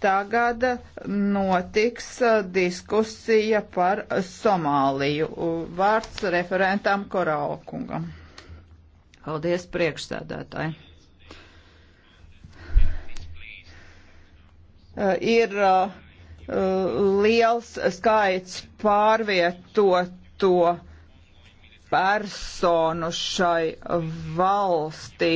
Tagad notiks uh, diskusija par Somāliju. Vārds referentam Korāla kungam. Paldies priekšsēdētāji. Uh, ir uh, liels skaits pārvietoto personu šai valstī.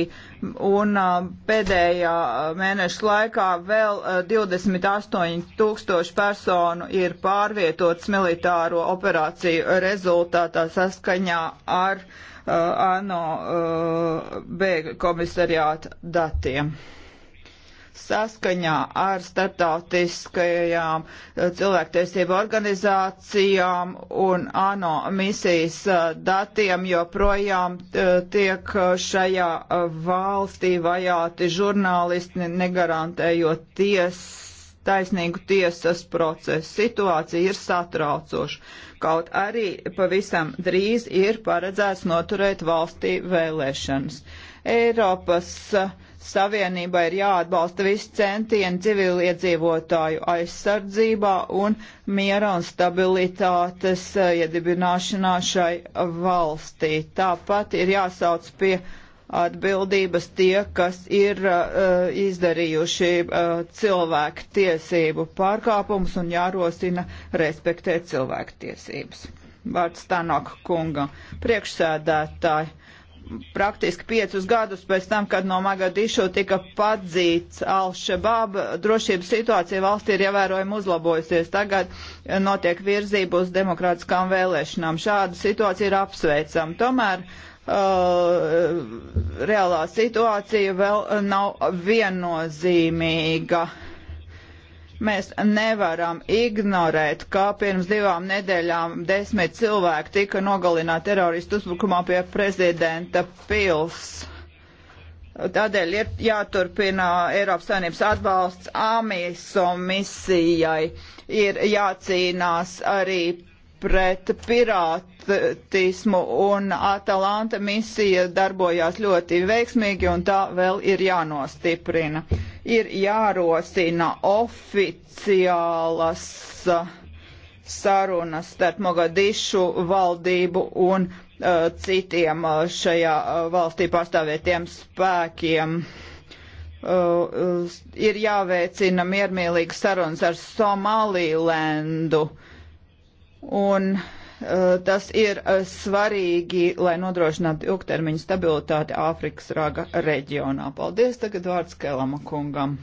Un uh, pēdējā uh, mēneša laikā vēl 28 uh, tūkstoši personu ir pārvietots militāro operāciju rezultātā saskaņā ar uh, ANO uh, bēgļu komisariāta datiem saskaņā ar starptautiskajām eh, cilvēktiesību organizācijām un ANO misijas eh, datiem joprojām eh, tiek šajā valstī vajāti žurnālisti, negarantējot ties, taisnīgu tiesas procesu. Situācija ir satraucoša. Kaut arī pavisam drīz ir paredzēts noturēt valstī vēlēšanas. Eiropas uh, Savienībai ir jāatbalsta visi centieni civiliedzīvotāju aizsardzībā un miera un stabilitātes eh, iedibināšanā šai valstī. Tāpat ir jāsauc pie atbildības tie, kas ir uh, izdarījuši uh, cilvēku tiesību pārkāpumus un jārosina respektēt cilvēku tiesības. Vārds Tanok kungam. Priekšsēdētāji. Uh, praktiski piecus gadus pēc tam, kad no Magadišu tika padzīts Al-Shabaab, drošības situācija valstī ir ievērojami uzlabojusies. Tagad notiek virzība uz demokrātiskām vēlēšanām. Šāda situācija ir apsveicama. Tomēr uh, reālā situācija vēl nav viennozīmīga. Uh, Mēs nevaram ignorēt, kā pirms divām nedēļām desmit cilvēki tika nogalināti teroristu uzbrukumā pie prezidenta pils. Tādēļ ir jāturpina Eiropas Savienības atbalsts AMISO misijai, ir jācīnās arī pret pirātismu un Atalanta misija darbojās ļoti veiksmīgi un tā vēl ir jānostiprina ir jārosina oficiālas uh, sarunas starp Mogadišu valdību un uh, citiem uh, šajā uh, valstī pastāvētiem spēkiem. Uh, ir jāveicina miermīlīgas sarunas ar Somālīlendu un uh, Eh, tas ir eh, svarīgi, lai nodrošinātu ilgtermiņu stabilitāti Āfrikas raga reģionā. Paldies tagad vārds Kelama kungam.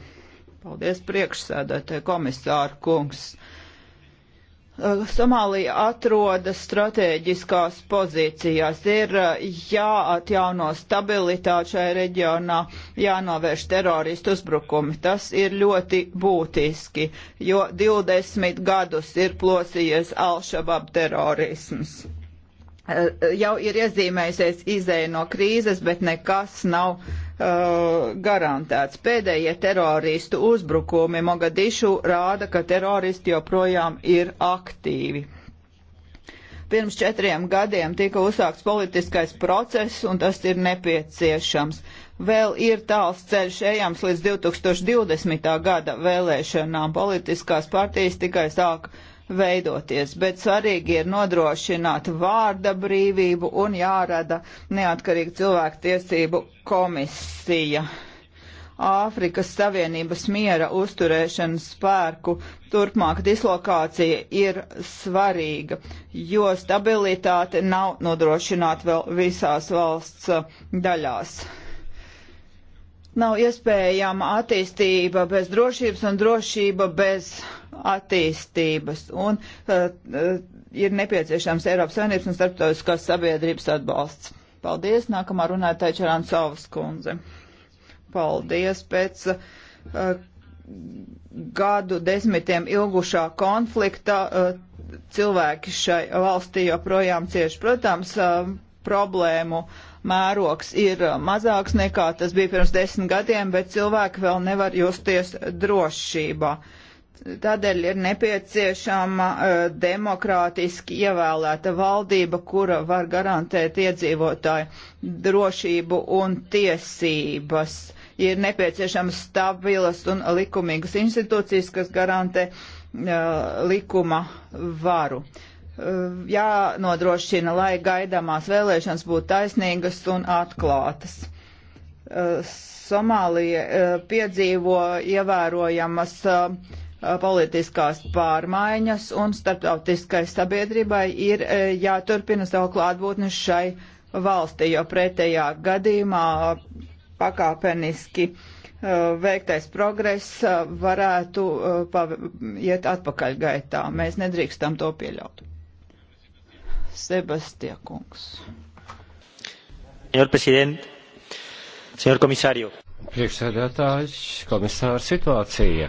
Paldies priekšsēdētāji komisāru kungs. Eh, Somālija atrodas strateģiskās pozīcijās, ir eh, jāatjauno stabilitāte šajā reģionā, jānovērš teroristu uzbrukumi. Tas ir ļoti būtiski, jo 20 gadus ir plosījies Alšabab terorisms. Eh, Jau ir iezīmējusies izēja no krīzes, bet nekas nav Uh, garantēts. Pēdējie teroristu uzbrukumi Mogadišu rāda, ka teroristi joprojām ir aktīvi. Pirms četriem gadiem tika uzsākts politiskais process, un tas ir nepieciešams. Vēl ir tāls ceļš ejams līdz 2020. gada vēlēšanām. Politiskās partijas tikai sāk uh, veidoties, bet svarīgi ir nodrošināt vārda brīvību un jārada neatkarīga cilvēku tiesību komisija. Āfrikas Savienības miera uzturēšanas spēku turpmāk dislokācija ir svarīga, jo stabilitāte nav nodrošināta vēl visās valsts daļās. Nav iespējama attīstība bez drošības un drošība bez attīstības un uh, uh, ir nepieciešams Eiropas Savienības un starptautiskās sabiedrības atbalsts. Paldies, nākamā runātāja Čerāna Savas kundze. Paldies pēc uh, gadu desmitiem ilgušā konflikta uh, cilvēki šai valstī joprojām cieši. Protams, uh, problēmu mērogs ir uh, mazāks nekā tas bija pirms desmit gadiem, bet cilvēki vēl nevar justies drošībā. Uh, Tādēļ ir nepieciešama uh, demokrātiski ievēlēta valdība, kura var garantēt iedzīvotāju drošību un tiesības. Ir nepieciešamas stabilas un likumīgas institūcijas, kas garantē uh, likuma varu. Uh, jānodrošina, lai gaidāmās vēlēšanas būtu taisnīgas un atklātas. Somālija piedzīvo ievērojamas uh, Eh, politiskās pārmaiņas un starptautiskai sabiedrībai ir eh, jāturpina savu klātbūtni šai valstī, jo pretējā gadījumā pakāpeniski eh, veiktais progress varētu iet atpakaļ gaitā. Mēs nedrīkstam to pieļaut. Sebastiekungs. Señor presidente, señor comisario priekšsēdētājs, komisāra situācija.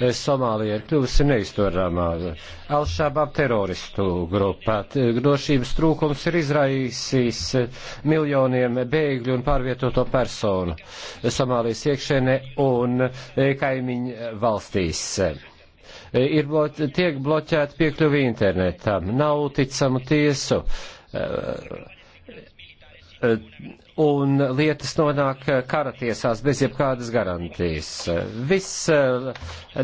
Eh, Somālija ir kļuvusi neizturāmā. Alšābab teroristu grupā. Drošības trūkums ir izraisījis miljoniem bēgļu un pārvietoto personu Somālijas iekšēnē un eh, kaimiņu valstīs. Eh, ir bloķ, tiek bloķēta piekļuvi internetam, nav ticamu tiesu. Uh, uh, un lietas nonāk karatiesās bez jebkādas garantijas. Viss eh,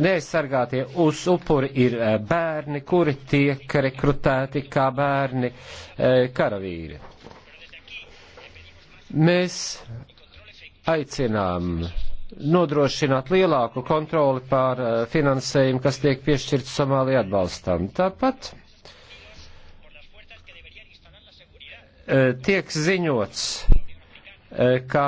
neaizsargātie uz upuri ir eh, bērni, kuri tiek rekrutēti kā bērni eh, karavīri. Mēs aicinām nodrošināt lielāku kontroli pār finansējumu, kas tiek piešķirts Somālijai atbalstam. Tāpat tiek ziņots kā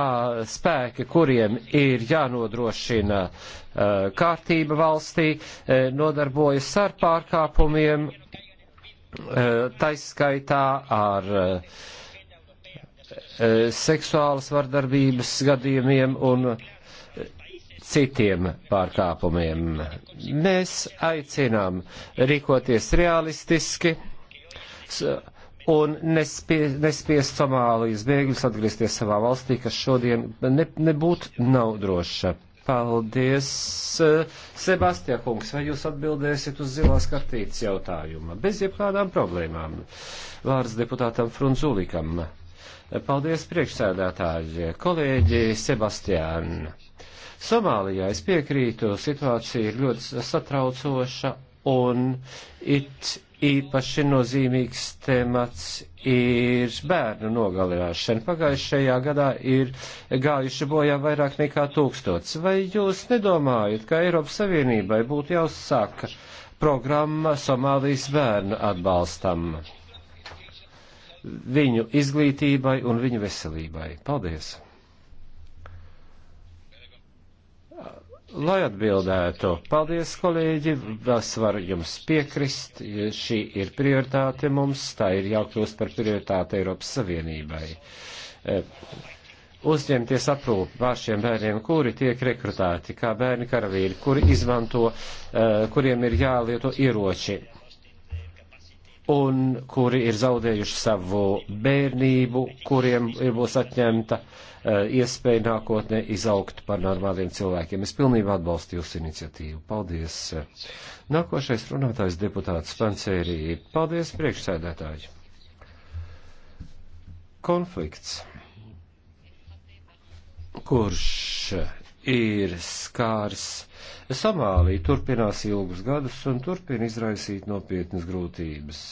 spēki, kuriem ir jānodrošina eh, kārtība valstī, eh, nodarbojas ar pārkāpumiem, eh, taiskaitā ar seksuālas vardarbības gadījumiem un citiem pārkāpumiem. Mēs aicinām rīkoties realistiski un nespie, nespiest Somālijas bēgļus atgriezties savā valstī, kas šodien ne, nebūt nav droša. Paldies, eh, Sebastija kungs, vai jūs atbildēsiet uz zilās kartītes jautājuma? Bez jebkādām problēmām. Vārds deputātam Frunzulikam. Paldies, priekšsēdētāji, kolēģi Sebastijāni. Somālijā es piekrītu, situācija ir ļoti satraucoša un it īpaši nozīmīgs temats ir bērnu nogalināšana. Pagājušajā gadā ir gājuši bojā vairāk nekā tūkstots. Vai jūs nedomājat, ka Eiropas Savienībai būtu jāuzsāka programma Somālijas bērnu atbalstam? Viņu izglītībai un viņu veselībai. Paldies! Lai atbildētu, paldies, kolēģi, es varu jums piekrist, šī ir prioritāte mums, tā ir jākļūst par prioritāti Eiropas Savienībai. Eh, uzņemties aprūpi pār šiem bērniem, kuri tiek rekrutēti kā bērni karavīri, kuri izmanto, eh, kuriem ir jālieto ieroči un kuri ir zaudējuši savu bērnību, kuriem ir būs atņemta uh, iespēja nākotnē izaugt par normāliem cilvēkiem. Es pilnībā atbalstu jūsu iniciatīvu. Paldies. Nākošais runātājs deputāts Pancērī. Paldies, priekšsēdētāji. Konflikts, kurš ir skārs Somāliju, turpinās ilgus gadus un turpina izraisīt nopietnas grūtības.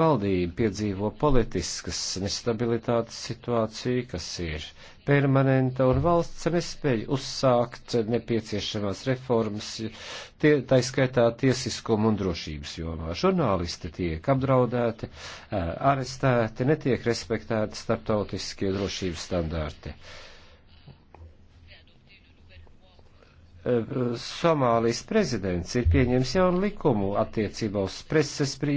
Valdība piedzīvo politiskas nestabilitātes situāciju, kas ir permanenta, un valsts nespēja uzsākt nepieciešamās reformas, tie, tā skaitā tiesiskuma un drošības jomā. Žurnālisti tiek apdraudēti, arestēti, netiek respektēti starptautiskie drošības standārti. Uh, Eh, Somālijas prezidents ir pieņems jaunu likumu attiecībā uz preses brī,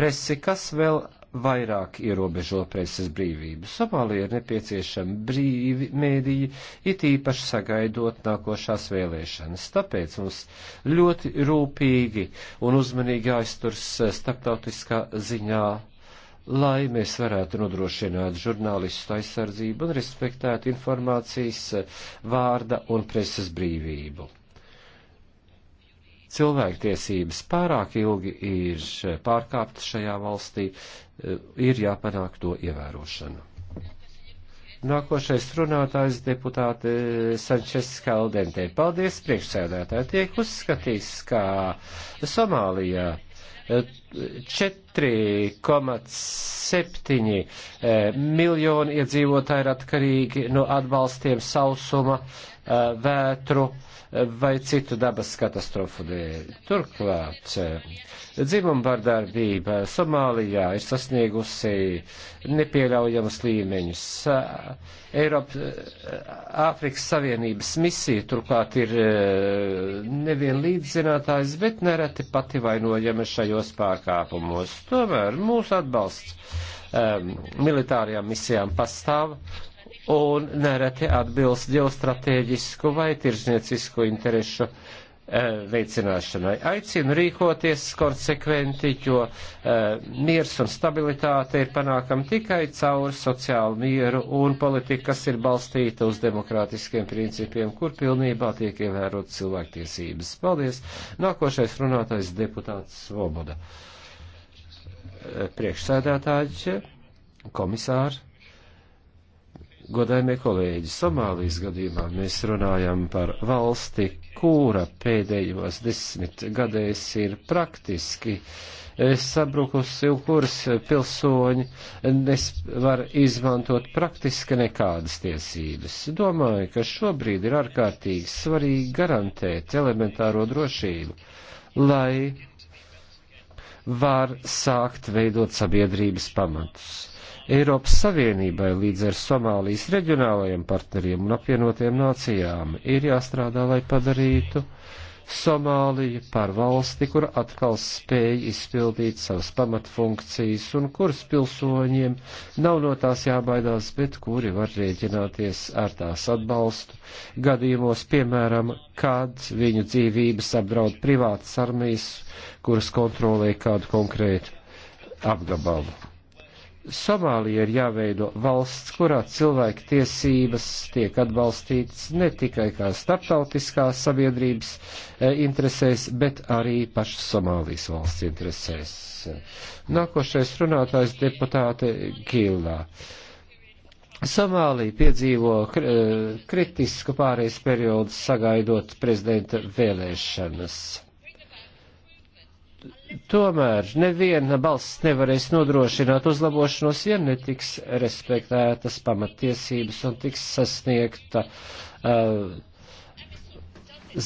presi, kas vēl vairāk ierobežo preses brīvību. Somālija ir nepieciešama brīvi mēdīji, it īpaši sagaidot nākošās vēlēšanas. Tāpēc mums ļoti rūpīgi un uzmanīgi aizturs eh, starptautiskā ziņā lai mēs varētu nodrošināt žurnālistu aizsardzību un respektētu informācijas eh, vārda un preses brīvību. Cilvēktiesības pārāk ilgi ir eh, pārkāptas šajā valstī, eh, ir jāpanāk to ievērošana. Nākošais runātājs deputāte Sančes Kaldentē. Paldies, priekšsēdētāji. Tiek uzskatīts, ka Somālijā 4,7 eh, miljoni iedzīvotāji ir atkarīgi no atbalstiem sausuma, eh, vētru vai citu dabas katastrofu dēļ. Turklāt eh, dzimumbardarbība Somālijā ir sasniegusi nepieļaujamas līmeņus. Eh, Eiropas, eh, Āfrikas Savienības misija turklāt ir nevien līdzzinātājs, bet nereti pati vainojama šajos pārkāpumos. Tomēr mūsu atbalsts um, militārajām misijām pastāv un nereti atbilst ģeostrateģisku vai tirzniecisku interešu e, veicināšanai. Aicinu rīkoties konsekventi, jo e, miers un stabilitāte ir panākama tikai caur sociālu mieru un politiku, kas ir balstīta uz demokrātiskiem principiem, kur pilnībā tiek ievērot cilvēktiesības. Paldies! Nākošais runātais deputāts Svoboda. E, eh, priekšsēdētāji, komisāri Godājumie kolēģi, Somālijas gadījumā mēs runājam par valsti, kura pēdējos desmit gadēs ir praktiski eh, sabrukusi, un kuras pilsoņi var izmantot praktiski nekādas tiesības. Domāju, ka šobrīd ir ārkārtīgi svarīgi garantēt elementāro drošību, lai var sākt veidot sabiedrības pamatus. Eiropas Savienībai līdz ar Somālijas reģionālajiem partneriem un apvienotajām nācijām ir jāstrādā, lai padarītu Somāliju par valsti, kur atkal spēja izpildīt savas pamatfunkcijas un kuras pilsoņiem nav no tās jābaidās, bet kuri var rēķināties ar tās atbalstu gadījumos, piemēram, kad viņu dzīvības apdraud privātas armijas, kuras kontrolē kādu konkrētu apgabalu. Somālija ir jāveido valsts, kurā cilvēku tiesības tiek atbalstītas ne tikai kā starptautiskās sabiedrības e, interesēs, bet arī pašas Somālijas valsts interesēs. Nākošais runātājs deputāte Gilā. Somālija piedzīvo e, kritisku pārējais periodu sagaidot prezidenta vēlēšanas Tomēr neviena balss nevarēs nodrošināt uzlabošanos, ja netiks respektētas pamatiesības un tiks sasniegta uh,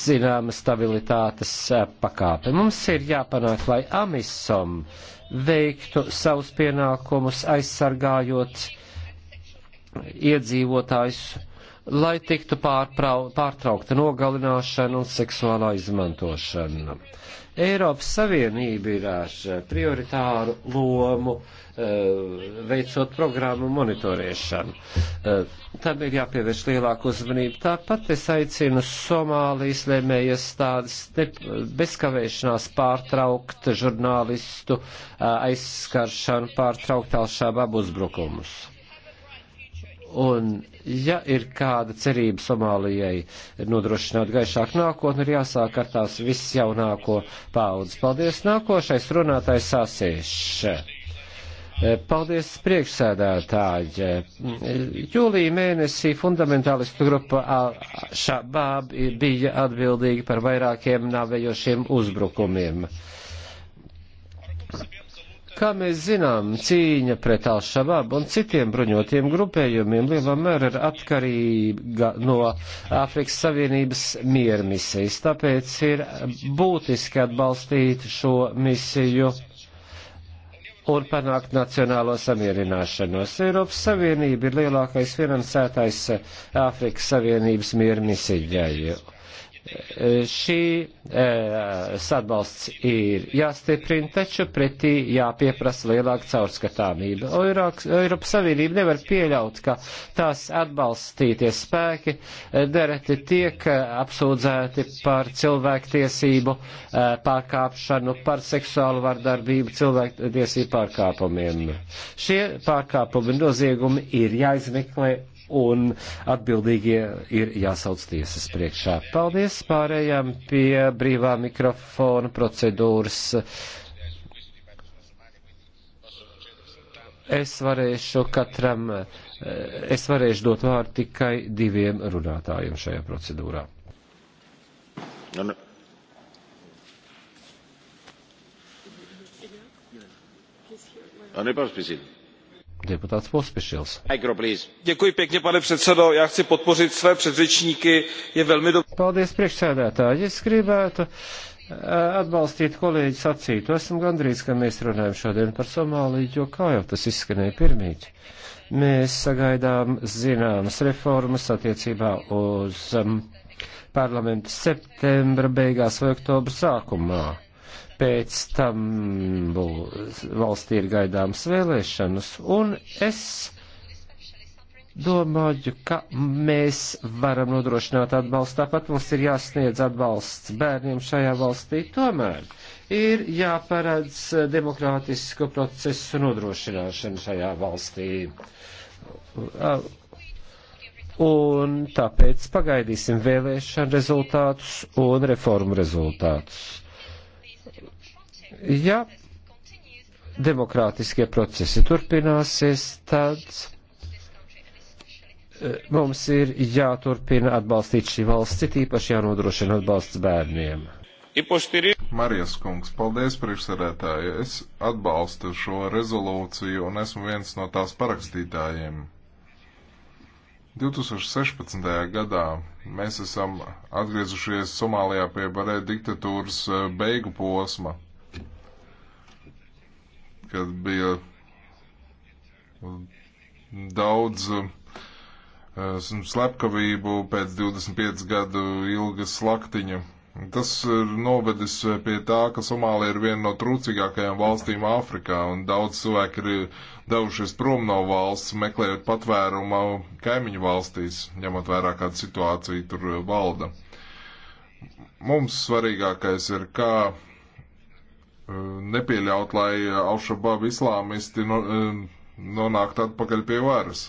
zināma stabilitātes uh, pakāpe. Mums ir jāpanāk, lai amisom veiktu savus pienākumus, aizsargājot iedzīvotājus lai tiktu pārprau, pārtraukta nogalināšana un seksuālā izmantošana. Eiropas Savienība ir ar prioritāru lomu eh, veicot programmu monitorēšanu. Eh, tam ir jāpievērš lielāku uzmanību. Tāpat es aicinu Somālijas lēmējas tādas bezkavēšanās pārtraukt žurnālistu eh, aizskaršanu, pārtraukt alšābu uzbrukumus Un, ja ir kāda cerība Somālijai nodrošināt gaišāku nākotni, ir jāsāk ar tās visjaunāko paudzes. Paldies! Nākošais runātājs sasiešs. Paldies priekšsēdētāji. Jūlija mēnesī fundamentālistu grupa Šabāb bija atbildīga par vairākiem nāvējošiem uzbrukumiem. Kā mēs zinām, cīņa pret Alšabābu un citiem bruņotiem grupējumiem lielā mērā ir atkarīga no Āfrikas Savienības miera misijas. Tāpēc ir būtiski atbalstīt šo misiju un panākt nacionālo samierināšanos. Eiropas Savienība ir lielākais finansētājs Āfrikas Savienības miera misijai Eh, šī eh, atbalsts ir jāstiprina, taču pretī jāpieprasa lielāka caurskatāmība. Eiropas Savienība nevar pieļaut, ka tās atbalstītie spēki eh, dereti tiek apsūdzēti par cilvēktiesību pārkāpšanu, par seksuālu vardarbību, cilvēktiesību pārkāpumiem. Šie pārkāpumi noziegumi ir jāizmeklē un atbildīgie ir jāsauc tiesas priekšā. Paldies, pārējām pie brīvā mikrofona procedūras. Es varēšu katram, es varēšu dot vārdu tikai diviem runātājiem šajā procedūrā. No, no. Honorable President deputāts Pospišils. Děkuji pěkně, pane předsedo. Já chci podpořit své předřečníky. Je velmi dobrý. Paldies, priekšsēdētāji. Es gribētu eh, atbalstīt kolēģi sacītu. Esam gandrīz, ka mēs runājam šodien par Somāliju, jo kā jau tas izskanēja pirmīt. Mēs sagaidām zināmas reformas attiecībā uz um, parlamentu septembra beigās vai oktobra sākumā pēc tam valstī ir gaidāmas vēlēšanas, un es domāju, ka mēs varam nodrošināt atbalstu. Tāpat mums ir jāsniedz atbalsts bērniem šajā valstī. Tomēr ir jāparedz demokrātisku procesu nodrošināšanu šajā valstī. Un tāpēc pagaidīsim vēlēšanu rezultātus un reformu rezultātus. Ja demokrātiskie procesi turpināsies, tad e, mums ir jāturpina atbalstīt šī valsts, it īpaši jānodrošina atbalsts bērniem. Marijas kungs, paldies priekšsarētāji. Es atbalstu šo rezolūciju un esmu viens no tās parakstītājiem. 2016. gadā mēs esam atgriezušies Somālijā pie Barē diktatūras e, beigu posma kad bija uh, daudz uh, slepkavību pēc 25 gadu ilgas slaktiņa. Tas ir novedis uh, pie tā, ka Somālija ir viena no trūcīgākajām valstīm Āfrikā, un daudz cilvēku ir devušies prom no valsts, meklējot patvērumu kaimiņu valstīs, ņemot vērā, kāda situācija tur valda. Mums svarīgākais ir, kā Eh, nepieļaut, lai eh, Alšabab islāmisti eh, nonāktu atpakaļ pie varas.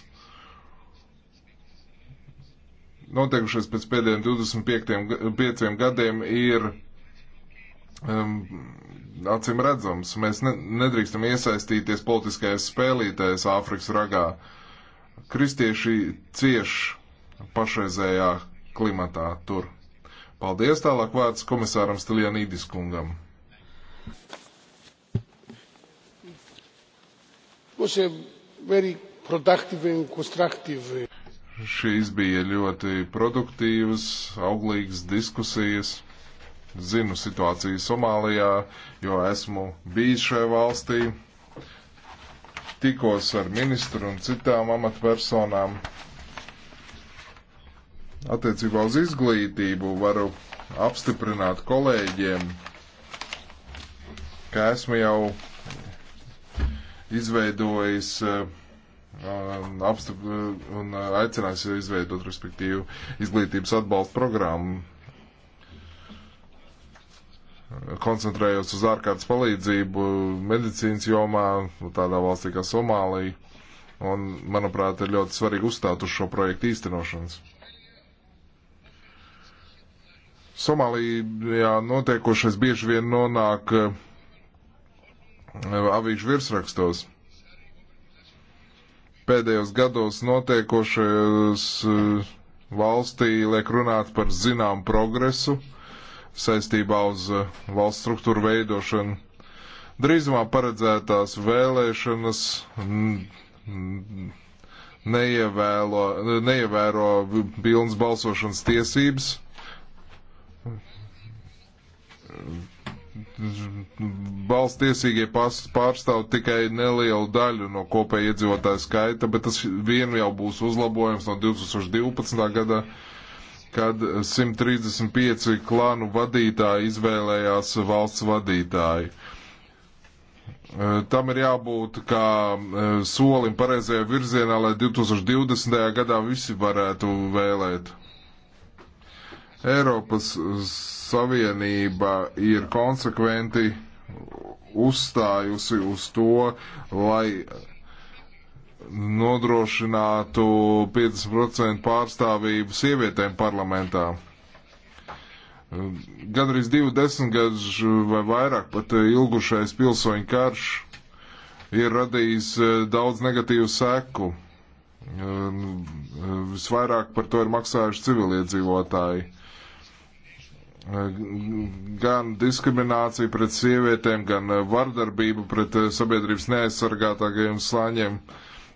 Notiekušies pēc pēdējiem 25 gadiem ir um, acīm redzams. Mēs ne, nedrīkstam iesaistīties politiskajās spēlītēs Āfrikas ragā. Kristieši cieš pašreizējā klimatā tur. Paldies tālāk vārds komisāram Stilianīdis kungam. Uh, Šīs bija ļoti produktīvas, auglīgas diskusijas. Zinu situāciju Somālijā, jo esmu bijis šajā valstī. Tikos ar ministru un citām amatpersonām. Attiecībā uz izglītību varu apstiprināt kolēģiem, ka esmu jau izveidojis eh, um, apstip, eh, un eh, aicinājis izveidot, respektīvi, izglītības atbalsta programmu koncentrējos uz ārkārtas palīdzību medicīnas jomā, tādā valstī kā Somālija. Un, manuprāt, ir ļoti svarīgi uzstāt uz šo projektu īstenošanas. Somālijā notiekošais bieži vien nonāk uh, avīžu virsrakstos. Pēdējos gados notiekošajos eh, valstī liek runāt par zinām progresu saistībā uz eh, valsts struktūru veidošanu. Drīzumā paredzētās vēlēšanas neievēlo, neievēro pilnas balsošanas tiesības valsts tiesīgie pārstāv tikai nelielu daļu no kopēja iedzīvotāja skaita, bet tas vien jau būs uzlabojums no 2012. gada, kad 135 klānu vadītāji izvēlējās valsts vadītāji. Eh, tam ir jābūt kā eh, solim pareizajā virzienā, lai 2020. gadā visi varētu vēlēt. Eiropas Savienība ir konsekventi uzstājusi uz to, lai nodrošinātu 50% pārstāvību sievietēm parlamentā. Gadrīz divu desmitgadžu vai vairāk pat ilgušais pilsoņu karš ir radījis e, daudz negatīvu seku. E, e, visvairāk par to ir maksājuši civiliedzīvotāji gan diskriminācija pret sievietēm, gan vardarbību pret sabiedrības neaizsargātākajiem slāņiem.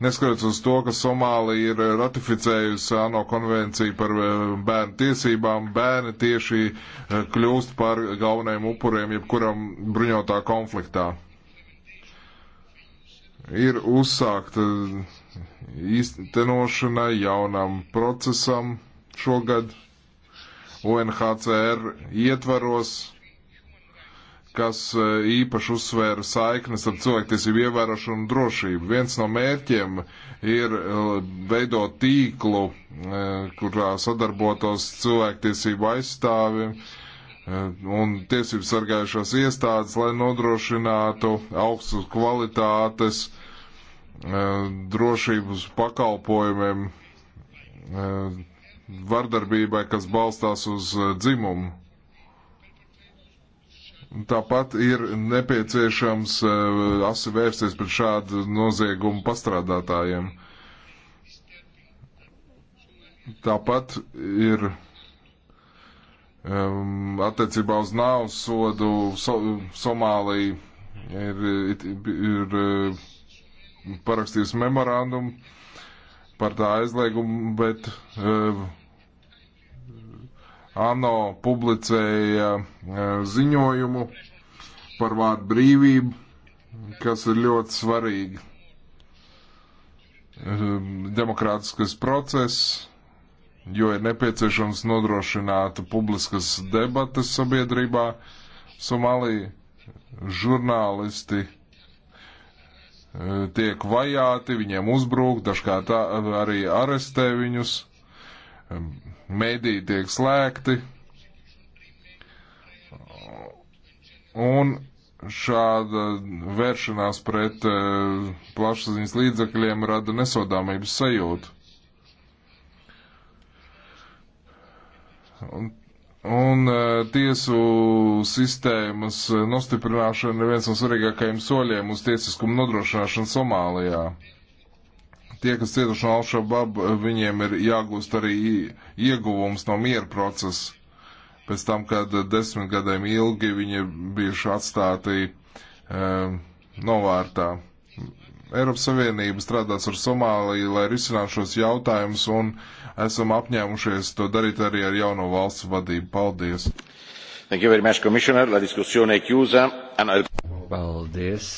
Neskatoties uz to, ka Somālija ir ratificējusi ANO konvenciju par bērnu tiesībām, bērni tieši kļūst par galvenajiem upuriem jebkuram bruņotā konfliktā. Ir uzsākta īstenošana jaunam procesam šogad UNHCR ietvaros, kas e, īpaši uzsvēra saiknes ar cilvēktiesību ievērošanu un drošību. Viens no mērķiem ir e, veidot tīklu, e, kurā sadarbotos cilvēktiesību aizstāvi un tiesību sargājušās iestādes, lai nodrošinātu augstas kvalitātes drošības pakalpojumiem vardarbībai, kas balstās uz eh, dzimumu. Tāpat ir nepieciešams eh, asi vērsties pret šādu noziegumu pastrādātājiem. Tāpat ir um, attiecībā uz nāvus sodu so, Somālija ir, ir, ir eh, parakstījusi memorandumu par tā aizliegumu, bet uh, ANO publicēja uh, ziņojumu par vārdu brīvību, kas ir ļoti svarīgi. Uh, demokrātiskas process, jo ir nepieciešams nodrošināt publiskas debatas sabiedrībā. Somālija žurnālisti tiek vajāti, viņiem uzbrūk, dažkārt arī arestē viņus, mediji tiek slēgti. Un šāda vēršanās pret e, plašsaziņas līdzakļiem rada nesodāmības sajūtu. Un Un e, tiesu sistēmas e, nostiprināšana ir viens no svarīgākajiem soļiem uz tiesiskumu nodrošināšanu Somālijā. Tie, kas cietuši no Al-Shabaab, e, viņiem ir jāgūst arī ieguvums no miera procesa pēc tam, kad desmit gadiem ilgi viņi ir bijuši atstāti um, novārtā. Eiropas Savienība strādās ar Somāliju, lai risinātu šos jautājumus, un esam apņēmušies to darīt arī ar jauno valsts vadību. Paldies! Much, discussion... Paldies,